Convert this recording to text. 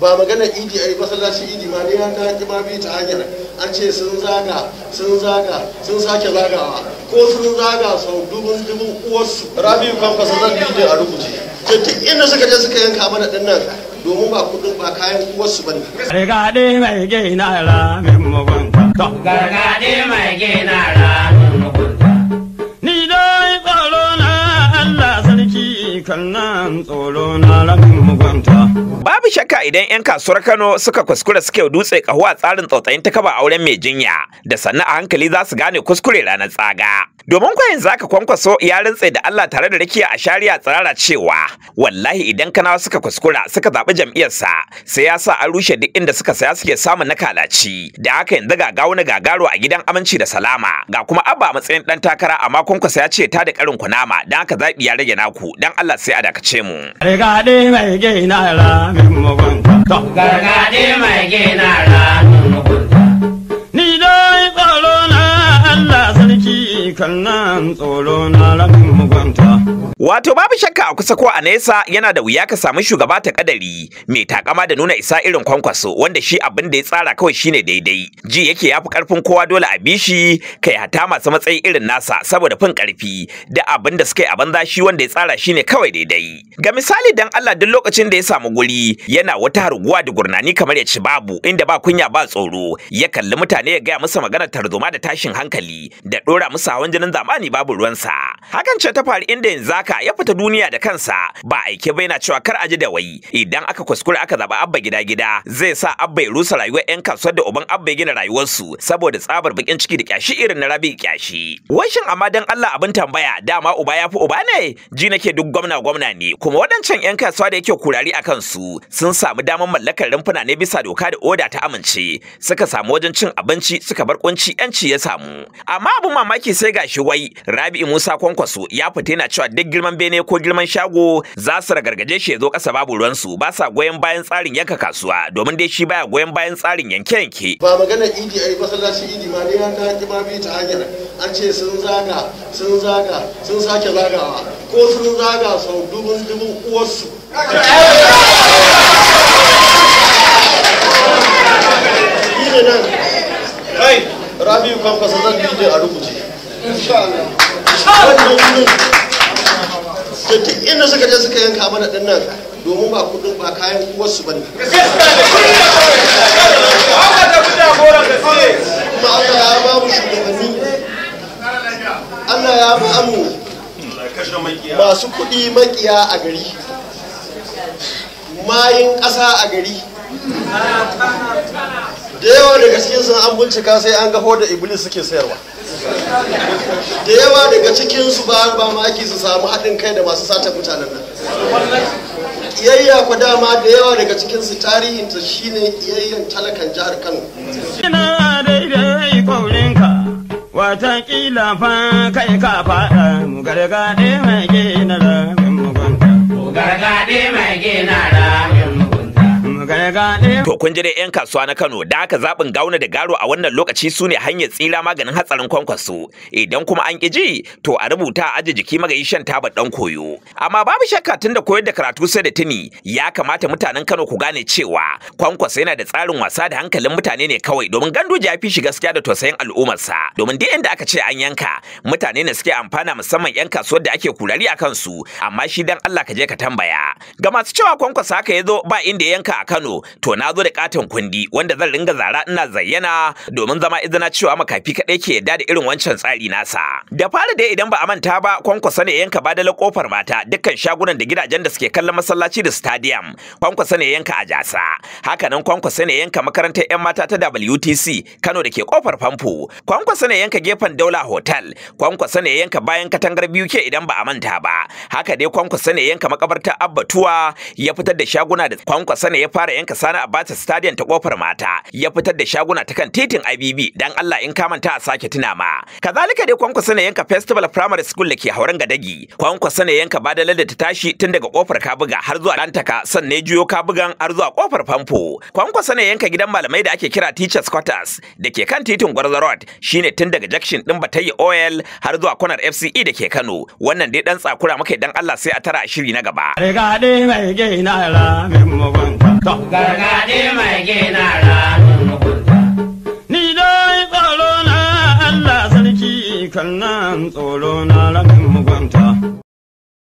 ba magana idi a yi masallaci idi ma dai an ta haƙi ma ta hanyar an ce sun zaga sun zaga sun sake zagawa ko sun zaga sau dubun dubun uwarsu rabiu kan fasa zan bidiyo a rubuce da inda suka je suka yanka mana din nan domin ba kudin ba kayan uwarsu ba ne. Rigaɗi mai gina ramin mugunta. babu shakka idan 'yan kasuwar Kano suka kuskura suke dutse kahuwa tsarin tsautsayin ta kaba auren mai jinya da sannu a hankali za su gane kuskure ranar tsaga. Domin kwayin za ka kwankwaso ya rintse da Allah tare da rakiya a shari'a tsirara cewa wallahi idan kanawa suka kuskura suka zaɓi jam'iyyarsa sai ya sa an rushe duk inda suka saya suke samun na kalaci da haka yanzu ga gawo na gagaro a gidan aminci da salama ga kuma abba matsayin dan takara amma kwankwasa ya ce ta da karin kunama don haka zaɓi ya rage naku don Allah sai a dakace mu. Rigaɗi mai gina mugunta. Gargaɗi mai gina rana. kan tsoro na ramin mugunta. Wato babu shakka a kusa ko a nesa yana da wuya ka samu shugaba ta kadari mai takama da nuna isa irin kwankwaso wanda shi abin da ya tsara kawai shine daidai. Ji yake ya fi karfin kowa dole a bishi, shi kai hata masu matsayi irin nasa saboda fin karfi da abin da suka yi a banza shi wanda ya tsara shine kawai daidai. Ga misali dan Allah duk lokacin da ya samu guri yana wata harguwa da gurnani kamar ya ci babu inda ba kunya ba tsoro ya kalli mutane ya gaya musu magana tarzoma da tashin hankali da dora musu hawan jinin zamani babu ruwansa hakan ce ta faru inda yanzu zaka. ya fita duniya da kansa ba aike ba yana cewa kar a ji da wai idan aka kuskure aka zaba abba gida gida zai sa abba ya rusa rayuwar yan kasuwar da uban abba ya gina rayuwarsu saboda tsabar bakin ciki da kyashi irin na rabi kyashi wai shin amma dan Allah abin tambaya dama uba ya fi uba ne ji nake duk gwamna gwamna ne kuma waɗancan yan kasuwa da yake kurari a kansu sun samu damar mallakar rumfuna ne bisa doka da oda ta amince suka samu wajen cin abinci suka bar kunci yanci ya samu amma abin mamaki sai gashi wai Rabi Musa Kwankwaso ya fita yana cewa duk girman bene ko girman shago za su ragargaje shi ya zo kasa babu ruwan su ba sa goyon bayan tsarin yanka kasuwa domin dai shi baya goyon bayan tsarin yanke-yanke. Ba magana idi ai masallaci idi ma dai an ta kima bi ta hanyar an ce sun zaga sun zaga sun sake zagawa ko sun zaga sau dubun dubun uwarsu. Rabiu kan kasa zan bije a rubuce. da duk inda suka je suka yanka mana din nan domin ba kudin ba kayan uwarsu ba ne kuma Allah ya ba mu shugabanni Allah ya ba mu masu kuɗi makiya a gari mayin ƙasa a gari da yawa daga cikin sun an bincika sai an gafo da iblis suke sayarwa da yawa daga cikinsu ba ba maki su samu haɗin kai da masu sata mutanen nan kiyayya ku dama da yawa daga cikin cikinsu ta shine kiyayyan talakan jihar kano ina ka wata watakila fa kai ka faɗa mu gargaɗe mai gina ramin mu gargaɗe mai gina da. To kun ji dai 'yan kasuwa na Kano da aka zaɓin gauna da garo a wannan lokaci su ne hanyar tsira maganin hatsarin kwankwaso. Idan kuma an ƙi ji to a rubuta a aji jiki magayi shan taba ɗan koyo. Amma babu shakka tun da koyar da karatu sai da tuni ya kamata mutanen Kano ku gane cewa kwankwaso yana da tsarin wasa da hankalin mutane ne kawai domin gandu ya fi shi gaskiya da tausayin al'ummarsa. Domin duk inda aka ce an yanka mutane ne suke amfana musamman 'yan kasuwar da ake kurari a kansu amma shi dan Allah ka je ka tambaya. Ga masu cewa kwankwaso haka ya zo ba inda yanka a Kano to na zo da katon kundi wanda zan ringa zara ina zayyana domin zama izina cewa makafi kaɗai ke yadda da irin wancan tsari nasa da fara dai idan ba a manta ba kwankwasa ne yanka badala kofar mata dukkan shagunan da gidajen da suke kallon masallaci da stadium kwankwasa ne yanka a jasa haka nan kwankwasa ne yanka makarantar yan mata ta WTC Kano da ke kofar famfo kwankwasa ne yanka gefen Daula Hotel kwankwasa ne yanka bayan katangar biyu ke idan ba a manta ba haka dai kwankwasa ne yanka makabartar Tuwa ya fitar da shaguna da kwankwasa ne ya fara yanka Sani Abacha Stadium ta kofar mata ya fitar da shaguna ta kan titin IBB dan Allah in ka manta a sake tuna ma. Kazalika dai kwankwasa na yanka Festival Primary School da ke hauren gadagi. Kwankwasa na yanka badala da ta tashi tun daga kofar Kabuga har zuwa Lantaka sannan juyo Kabugan har zuwa kofar Famfo. Kwankwasa na yanka gidan malamai da ake kira Teachers Quarters da ke kan titin Gwarza Road shine tun daga Jackson din Batayi Oil har zuwa kwanar FCE da ke Kano. Wannan dai dan tsakura muke dan Allah sai a tara shiri na gaba. Riga dai mai gina ra mai mugunta. gargaɗi mai gina ranar mugunta. Ni dai tsoro na Allah sarki kan tsoro na ramin mugunta.